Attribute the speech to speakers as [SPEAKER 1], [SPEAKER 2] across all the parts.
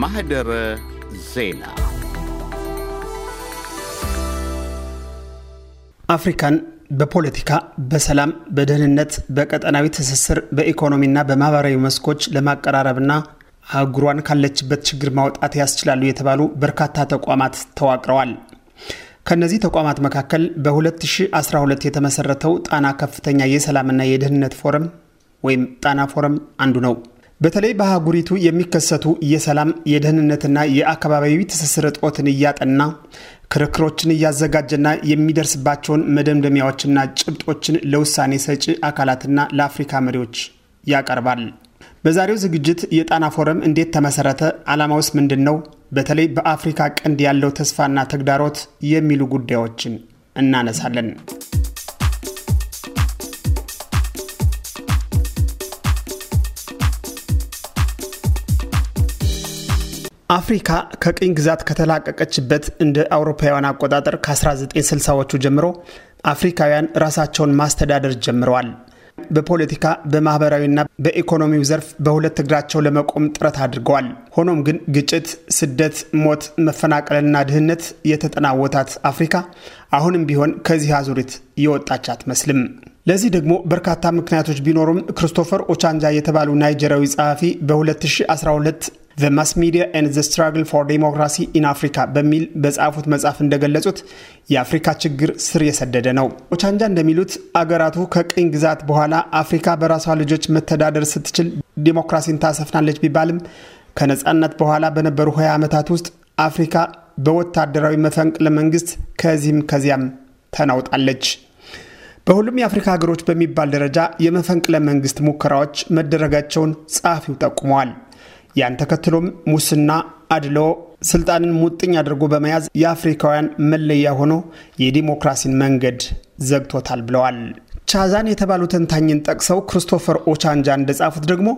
[SPEAKER 1] ማህደረ ዜና አፍሪካን በፖለቲካ፣ በሰላም፣ በደህንነት፣ በቀጠናዊ ትስስር፣ በኢኮኖሚና በማህበራዊ መስኮች ለማቀራረብና አህጉሯን ካለችበት ችግር ማውጣት ያስችላሉ የተባሉ በርካታ ተቋማት ተዋቅረዋል። ከእነዚህ ተቋማት መካከል በ2012 የተመሰረተው ጣና ከፍተኛ የሰላምና የደህንነት ፎረም ወይም ጣና ፎረም አንዱ ነው። በተለይ በአህጉሪቱ የሚከሰቱ የሰላም የደህንነትና የአካባቢዊ ትስስር እጦትን እያጠና ክርክሮችን እያዘጋጀና የሚደርስባቸውን መደምደሚያዎችና ጭብጦችን ለውሳኔ ሰጪ አካላትና ለአፍሪካ መሪዎች ያቀርባል። በዛሬው ዝግጅት የጣና ፎረም እንዴት ተመሰረተ? ዓላማውስ ምንድን ነው? በተለይ በአፍሪካ ቀንድ ያለው ተስፋና ተግዳሮት የሚሉ ጉዳዮችን እናነሳለን። አፍሪካ ከቅኝ ግዛት ከተላቀቀችበት እንደ አውሮፓውያን አቆጣጠር ከ1960ዎቹ ጀምሮ አፍሪካውያን ራሳቸውን ማስተዳደር ጀምረዋል። በፖለቲካ በማኅበራዊና በኢኮኖሚው ዘርፍ በሁለት እግራቸው ለመቆም ጥረት አድርገዋል። ሆኖም ግን ግጭት፣ ስደት፣ ሞት፣ መፈናቀልና ድህነት የተጠናወታት አፍሪካ አሁንም ቢሆን ከዚህ አዙሪት የወጣች አትመስልም። ለዚህ ደግሞ በርካታ ምክንያቶች ቢኖሩም ክርስቶፈር ኦቻንጃ የተባሉ ናይጀሪያዊ ጸሐፊ በ2012 ዘ ማስ ሚዲያ ኤንድ ዘ ስትራግል ፎር ዴሞክራሲ ኢን አፍሪካ በሚል በጻፉት መጽሐፍ እንደገለጹት የአፍሪካ ችግር ስር የሰደደ ነው። ኦቻንጃ እንደሚሉት አገራቱ ከቅኝ ግዛት በኋላ አፍሪካ በራሷ ልጆች መተዳደር ስትችል ዲሞክራሲን ታሰፍናለች ቢባልም ከነፃነት በኋላ በነበሩ 20 ዓመታት ውስጥ አፍሪካ በወታደራዊ መፈንቅለ መንግስት ከዚህም ከዚያም ተናውጣለች። በሁሉም የአፍሪካ ሀገሮች በሚባል ደረጃ የመፈንቅለ መንግስት ሙከራዎች መደረጋቸውን ጸሐፊው ጠቁመዋል። ያን ተከትሎም ሙስና፣ አድሎ ስልጣንን ሙጥኝ አድርጎ በመያዝ የአፍሪካውያን መለያ ሆኖ የዲሞክራሲን መንገድ ዘግቶታል ብለዋል። ቻዛን የተባሉ ተንታኝን ጠቅሰው ክሪስቶፈር ኦቻንጃ እንደጻፉት ደግሞ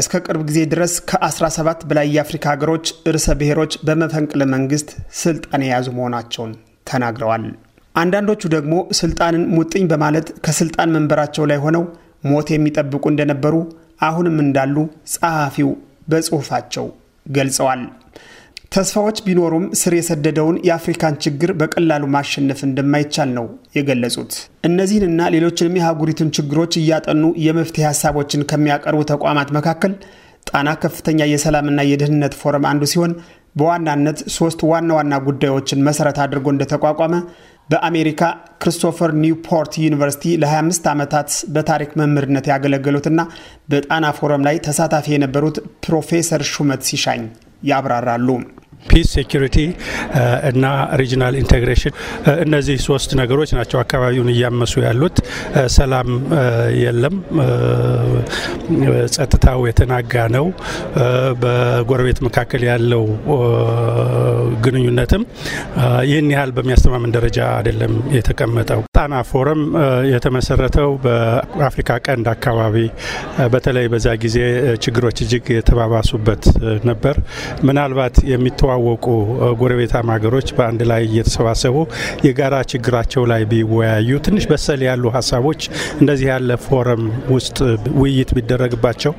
[SPEAKER 1] እስከ ቅርብ ጊዜ ድረስ ከ17 በላይ የአፍሪካ ሀገሮች ርዕሰ ብሔሮች በመፈንቅለ መንግስት ስልጣን የያዙ መሆናቸውን ተናግረዋል። አንዳንዶቹ ደግሞ ስልጣንን ሙጥኝ በማለት ከስልጣን መንበራቸው ላይ ሆነው ሞት የሚጠብቁ እንደነበሩ አሁንም እንዳሉ ጸሐፊው በጽሑፋቸው ገልጸዋል። ተስፋዎች ቢኖሩም ስር የሰደደውን የአፍሪካን ችግር በቀላሉ ማሸነፍ እንደማይቻል ነው የገለጹት። እነዚህንና ሌሎችንም የአህጉሪቱን ችግሮች እያጠኑ የመፍትሄ ሀሳቦችን ከሚያቀርቡ ተቋማት መካከል ጣና ከፍተኛ የሰላምና የደህንነት ፎረም አንዱ ሲሆን በዋናነት ሶስት ዋና ዋና ጉዳዮችን መሰረት አድርጎ እንደተቋቋመ በአሜሪካ ክሪስቶፈር ኒውፖርት ዩኒቨርሲቲ ለ25 ዓመታት በታሪክ መምህርነት ያገለገሉትና በጣና ፎረም ላይ ተሳታፊ የነበሩት ፕሮፌሰር ሹመት ሲሻኝ
[SPEAKER 2] ያብራራሉ። ፒስ፣ ሴኩሪቲ uh, እና ሪጅናል ኢንቴግሬሽን uh, እነዚህ ሶስት ነገሮች ናቸው አካባቢውን እያመሱ ያሉት። uh, ሰላም የለም፣ ጸጥታው የተናጋ ነው። በጎረቤት መካከል ያለው ግንኙነትም ይህን ያህል በሚያስተማምን ደረጃ አይደለም የተቀመጠው። ጣና ፎረም የተመሰረተው በአፍሪካ ቀንድ አካባቢ በተለይ በዛ ጊዜ ችግሮች እጅግ የተባባሱበት ነበር። ምናልባት የሚተዋወቁ ጎረቤታማ ሀገሮች በአንድ ላይ እየተሰባሰቡ የጋራ ችግራቸው ላይ ቢወያዩ ትንሽ በሰል ያሉ ሀሳቦች እንደዚህ ያለ ፎረም ውስጥ ውይይት ቢደረግባቸው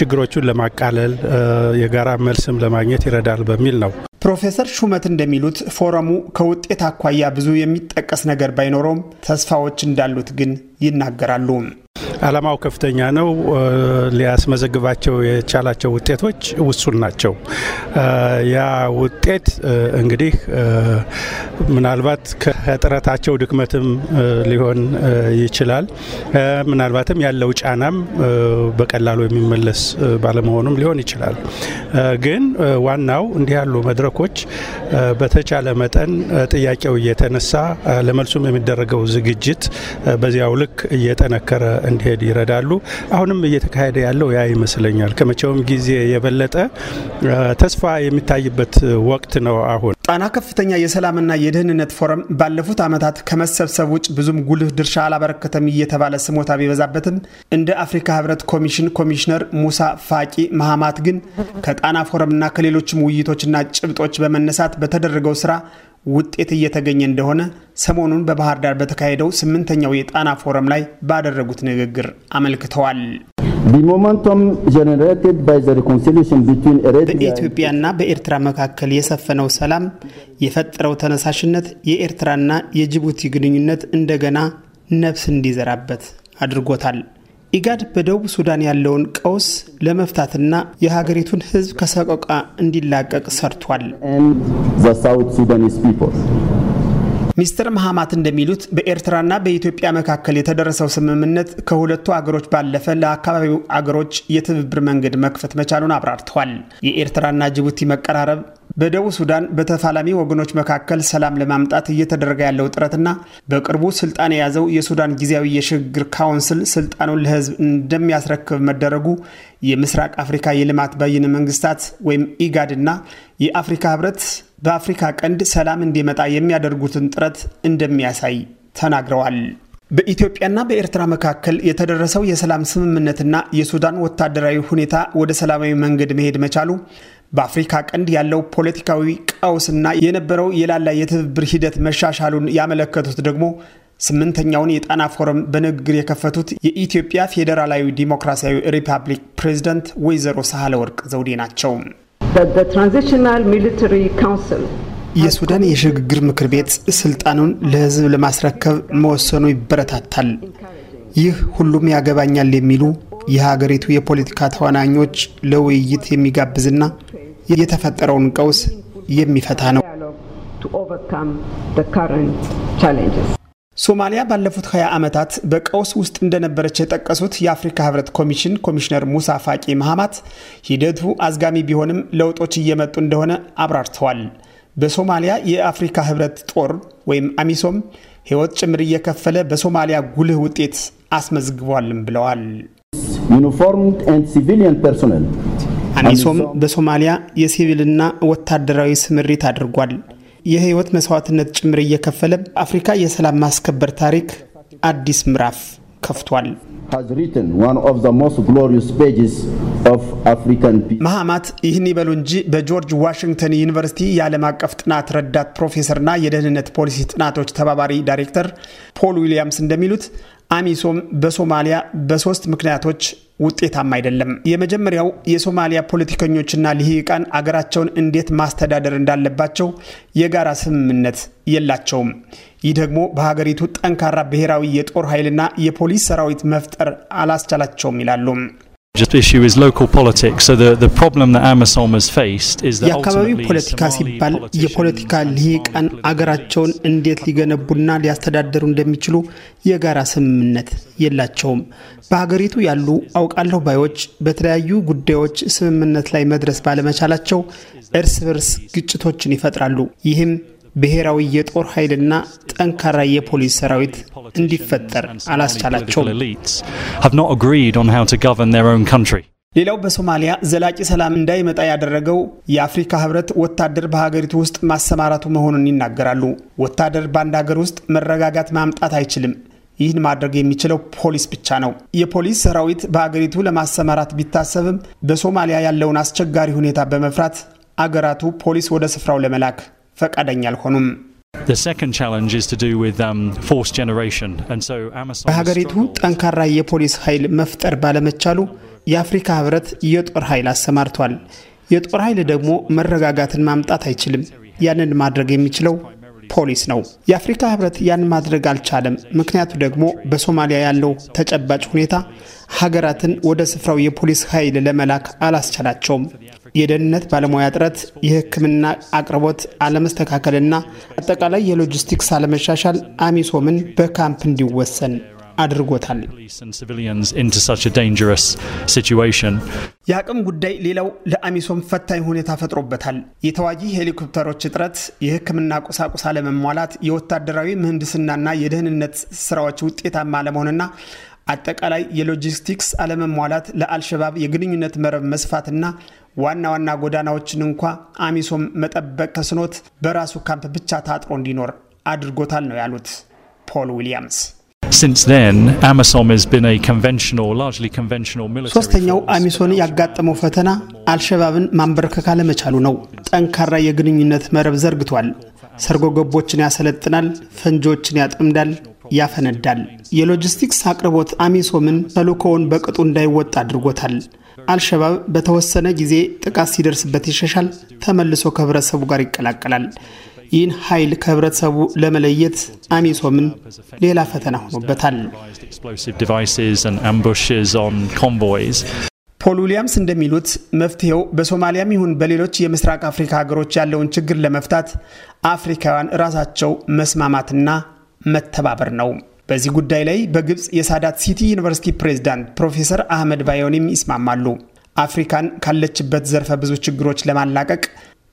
[SPEAKER 2] ችግሮቹን ለማቃለል የጋራ መልስም ለማግኘት ይረዳል በሚል ነው።
[SPEAKER 1] ፕሮፌሰር ሹመት እንደሚሉት ፎረሙ ከውጤት አኳያ ብዙ የሚጠቀስ ነገር ባይኖረውም ተስፋዎች እንዳሉት ግን ይናገራሉ።
[SPEAKER 2] አላማው ከፍተኛ ነው። ሊያስመዘግባቸው የቻላቸው ውጤቶች ውሱን ናቸው። ያ ውጤት እንግዲህ ምናልባት ከጥረታቸው ድክመትም ሊሆን ይችላል። ምናልባትም ያለው ጫናም በቀላሉ የሚመለስ ባለመሆኑም ሊሆን ይችላል። ግን ዋናው እንዲህ ያሉ መድረኮች በተቻለ መጠን ጥያቄው እየተነሳ ለመልሱም የሚደረገው ዝግጅት በዚያው ልክ እየጠነከረ እንዲሄድ ይረዳሉ። አሁንም እየተካሄደ ያለው ያ ይመስለኛል። ከመቼውም ጊዜ የበለጠ ተስፋ የሚታይበት ወቅት ነው አሁን።
[SPEAKER 1] ጣና ከፍተኛ የሰላምና የደህንነት ፎረም ባለፉት ዓመታት ከመሰብሰብ ውጭ ብዙም ጉልህ ድርሻ አላበረከተም እየተባለ ስሞታ ቢበዛበትም እንደ አፍሪካ ህብረት ኮሚሽን ኮሚሽነር ሙሳ ፋቂ መሀማት ግን ከጣና ፎረምና ከሌሎችም ውይይቶችና ጭብጦች በመነሳት በተደረገው ስራ ውጤት እየተገኘ እንደሆነ ሰሞኑን በባህር ዳር በተካሄደው ስምንተኛው የጣና ፎረም ላይ ባደረጉት ንግግር አመልክተዋል።
[SPEAKER 2] በኢትዮጵያና
[SPEAKER 1] በኤርትራ መካከል የሰፈነው ሰላም የፈጠረው ተነሳሽነት የኤርትራና የጅቡቲ ግንኙነት እንደገና ነፍስ እንዲዘራበት አድርጎታል። ኢጋድ በደቡብ ሱዳን ያለውን ቀውስ ለመፍታትና የሀገሪቱን ሕዝብ ከሰቆቃ እንዲላቀቅ ሰርቷል። ሚስትር መሐማት እንደሚሉት በኤርትራና በኢትዮጵያ መካከል የተደረሰው ስምምነት ከሁለቱ አገሮች ባለፈ ለአካባቢው አገሮች የትብብር መንገድ መክፈት መቻሉን አብራርተዋል። የኤርትራና ጅቡቲ መቀራረብ በደቡብ ሱዳን በተፋላሚ ወገኖች መካከል ሰላም ለማምጣት እየተደረገ ያለው ጥረትና በቅርቡ ስልጣን የያዘው የሱዳን ጊዜያዊ የሽግግር ካውንስል ስልጣኑን ለህዝብ እንደሚያስረክብ መደረጉ የምስራቅ አፍሪካ የልማት በይነ መንግስታት ወይም ኢጋድና የአፍሪካ ህብረት በአፍሪካ ቀንድ ሰላም እንዲመጣ የሚያደርጉትን ጥረት እንደሚያሳይ ተናግረዋል። በኢትዮጵያና በኤርትራ መካከል የተደረሰው የሰላም ስምምነትና የሱዳን ወታደራዊ ሁኔታ ወደ ሰላማዊ መንገድ መሄድ መቻሉ በአፍሪካ ቀንድ ያለው ፖለቲካዊ ቀውስና የነበረው የላላ የትብብር ሂደት መሻሻሉን ያመለከቱት ደግሞ ስምንተኛውን የጣና ፎረም በንግግር የከፈቱት የኢትዮጵያ ፌዴራላዊ ዲሞክራሲያዊ ሪፐብሊክ ፕሬዚደንት ወይዘሮ ሳህለ ወርቅ ዘውዴ ናቸው። የሱዳን የሽግግር ምክር ቤት ስልጣኑን ለህዝብ ለማስረከብ መወሰኑ ይበረታታል። ይህ ሁሉም ያገባኛል የሚሉ የሀገሪቱ የፖለቲካ ተዋናኞች ለውይይት የሚጋብዝና የተፈጠረውን ቀውስ የሚፈታ ነው። ሶማሊያ ባለፉት 20 ዓመታት በቀውስ ውስጥ እንደነበረች የጠቀሱት የአፍሪካ ህብረት ኮሚሽን ኮሚሽነር ሙሳ ፋቂ መሐማት ሂደቱ አዝጋሚ ቢሆንም ለውጦች እየመጡ እንደሆነ አብራርተዋል። በሶማሊያ የአፍሪካ ህብረት ጦር ወይም አሚሶም ህይወት ጭምር እየከፈለ በሶማሊያ ጉልህ ውጤት አስመዝግቧልም ብለዋል።
[SPEAKER 2] ዩኒፎርምድ ፐርሶኔል አሚሶም
[SPEAKER 1] በሶማሊያ የሲቪልና ወታደራዊ ስምሪት አድርጓል። የህይወት መስዋዕትነት ጭምር እየከፈለ አፍሪካ የሰላም ማስከበር ታሪክ አዲስ ምዕራፍ ከፍቷል።
[SPEAKER 2] has written one of the most glorious
[SPEAKER 1] ይህን ይበሉ እንጂ በጆርጅ ዋሽንግተን ዩኒቨርሲቲ የዓለም አቀፍ ጥናት ረዳት ፕሮፌሰርና የደህንነት ፖሊሲ ጥናቶች ተባባሪ ዳይሬክተር ፖል ዊሊያምስ እንደሚሉት አሚሶም በሶማሊያ በሶስት ምክንያቶች ውጤታም አይደለም። የመጀመሪያው የሶማሊያ ፖለቲከኞችና ልሂቃን አገራቸውን እንዴት ማስተዳደር እንዳለባቸው የጋራ ስምምነት የላቸውም። ይህ ደግሞ በሀገሪቱ ጠንካራ ብሔራዊ የጦር ኃይልና የፖሊስ ሰራዊት መፍጠር አላስቻላቸውም ይላሉ።
[SPEAKER 3] የአካባቢው ፖለቲካ
[SPEAKER 1] ሲባል የፖለቲካ ልሂቃን አገራቸውን እንዴት ሊገነቡና ሊያስተዳደሩ እንደሚችሉ የጋራ ስምምነት የላቸውም። በሀገሪቱ ያሉ አውቃለሁ ባዮች በተለያዩ ጉዳዮች ስምምነት ላይ መድረስ ባለመቻላቸው እርስ በርስ ግጭቶችን ይፈጥራሉ። ይህም ብሔራዊ የጦር ኃይልና ጠንካራ የፖሊስ ሰራዊት እንዲፈጠር አላስቻላቸውም። ሌላው በሶማሊያ ዘላቂ ሰላም እንዳይመጣ ያደረገው የአፍሪካ ህብረት ወታደር በሀገሪቱ ውስጥ ማሰማራቱ መሆኑን ይናገራሉ። ወታደር በአንድ ሀገር ውስጥ መረጋጋት ማምጣት አይችልም። ይህን ማድረግ የሚችለው ፖሊስ ብቻ ነው። የፖሊስ ሰራዊት በሀገሪቱ ለማሰማራት ቢታሰብም በሶማሊያ ያለውን አስቸጋሪ ሁኔታ በመፍራት አገራቱ ፖሊስ ወደ ስፍራው ለመላክ ፈቃደኛ አልሆኑም። um, በሀገሪቱ ጠንካራ የፖሊስ ኃይል መፍጠር ባለመቻሉ የአፍሪካ ህብረት የጦር ኃይል አሰማርቷል። የጦር ኃይል ደግሞ መረጋጋትን ማምጣት አይችልም። ያንን ማድረግ የሚችለው ፖሊስ ነው። የአፍሪካ ህብረት ያን ማድረግ አልቻለም። ምክንያቱ ደግሞ በሶማሊያ ያለው ተጨባጭ ሁኔታ ሀገራትን ወደ ስፍራው የፖሊስ ኃይል ለመላክ አላስቻላቸውም። የደህንነት ባለሙያ እጥረት፣ የሕክምና አቅርቦት አለመስተካከልና አጠቃላይ የሎጂስቲክስ አለመሻሻል አሚሶምን በካምፕ እንዲወሰን አድርጎታል። የአቅም ጉዳይ ሌላው ለአሚሶም ፈታኝ ሁኔታ ፈጥሮበታል። የተዋጊ ሄሊኮፕተሮች እጥረት፣ የህክምና ቁሳቁስ አለመሟላት፣ የወታደራዊ ምህንድስናና የደህንነት ስራዎች ውጤታማ አለመሆንና አጠቃላይ የሎጂስቲክስ አለመሟላት ለአልሸባብ የግንኙነት መረብ መስፋትና ዋና ዋና ጎዳናዎችን እንኳ አሚሶም መጠበቅ ተስኖት በራሱ ካምፕ ብቻ ታጥሮ እንዲኖር አድርጎታል ነው ያሉት ፖል ዊሊያምስ። ሶስተኛው አሚሶን ያጋጠመው ፈተና አልሸባብን ማንበርከክ አለመቻሉ ነው። ጠንካራ የግንኙነት መረብ ዘርግቷል። ሰርጎ ገቦችን ያሰለጥናል፣ ፈንጂዎችን ያጠምዳል፣ ያፈነዳል። የሎጂስቲክስ አቅርቦት አሚሶምን ተልእኮውን በቅጡ እንዳይወጣ አድርጎታል። አልሸባብ በተወሰነ ጊዜ ጥቃት ሲደርስበት ይሸሻል፣ ተመልሶ ከህብረተሰቡ ጋር ይቀላቀላል። ይህን ኃይል ከህብረተሰቡ ለመለየት አሚሶምን ሌላ ፈተና ሆኖበታል። ፖል ዊሊያምስ እንደሚሉት መፍትሄው በሶማሊያም ይሁን በሌሎች የምስራቅ አፍሪካ ሀገሮች ያለውን ችግር ለመፍታት አፍሪካውያን ራሳቸው መስማማትና መተባበር ነው። በዚህ ጉዳይ ላይ በግብፅ የሳዳት ሲቲ ዩኒቨርሲቲ ፕሬዝዳንት ፕሮፌሰር አህመድ ባዮኒም ይስማማሉ። አፍሪካን ካለችበት ዘርፈ ብዙ ችግሮች ለማላቀቅ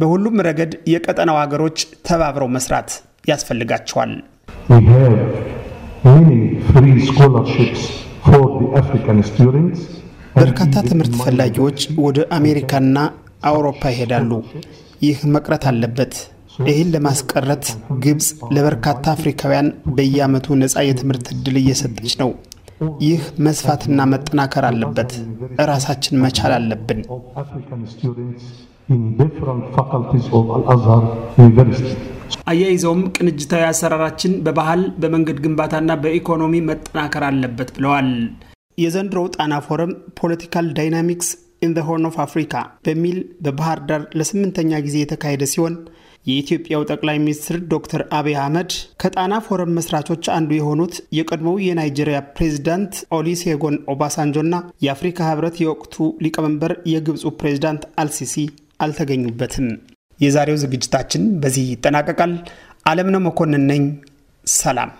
[SPEAKER 1] በሁሉም ረገድ የቀጠናው ሀገሮች ተባብረው መስራት ያስፈልጋቸዋል። በርካታ ትምህርት ፈላጊዎች ወደ አሜሪካና አውሮፓ ይሄዳሉ። ይህ መቅረት አለበት። ይህን ለማስቀረት ግብፅ ለበርካታ አፍሪካውያን በየዓመቱ ነፃ የትምህርት ዕድል እየሰጠች ነው። ይህ መስፋትና መጠናከር አለበት። እራሳችን መቻል አለብን። አያይዘውም ቅንጅታዊ አሰራራችን በባህል በመንገድ ግንባታና በኢኮኖሚ መጠናከር አለበት ብለዋል። የዘንድሮው ጣና ፎረም ፖለቲካል ዳይናሚክስ ኢን ሆርን ኦፍ አፍሪካ በሚል በባህር ዳር ለስምንተኛ ጊዜ የተካሄደ ሲሆን የኢትዮጵያው ጠቅላይ ሚኒስትር ዶክተር አብይ አህመድ ከጣና ፎረም መስራቾች አንዱ የሆኑት የቀድሞው የናይጄሪያ ፕሬዚዳንት ኦሊሴጎን ኦባሳንጆና የአፍሪካ ህብረት የወቅቱ ሊቀመንበር የግብፁ ፕሬዚዳንት አልሲሲ አልተገኙበትም። የዛሬው ዝግጅታችን በዚህ ይጠናቀቃል። አለምነው መኮንን ነኝ። ሰላም።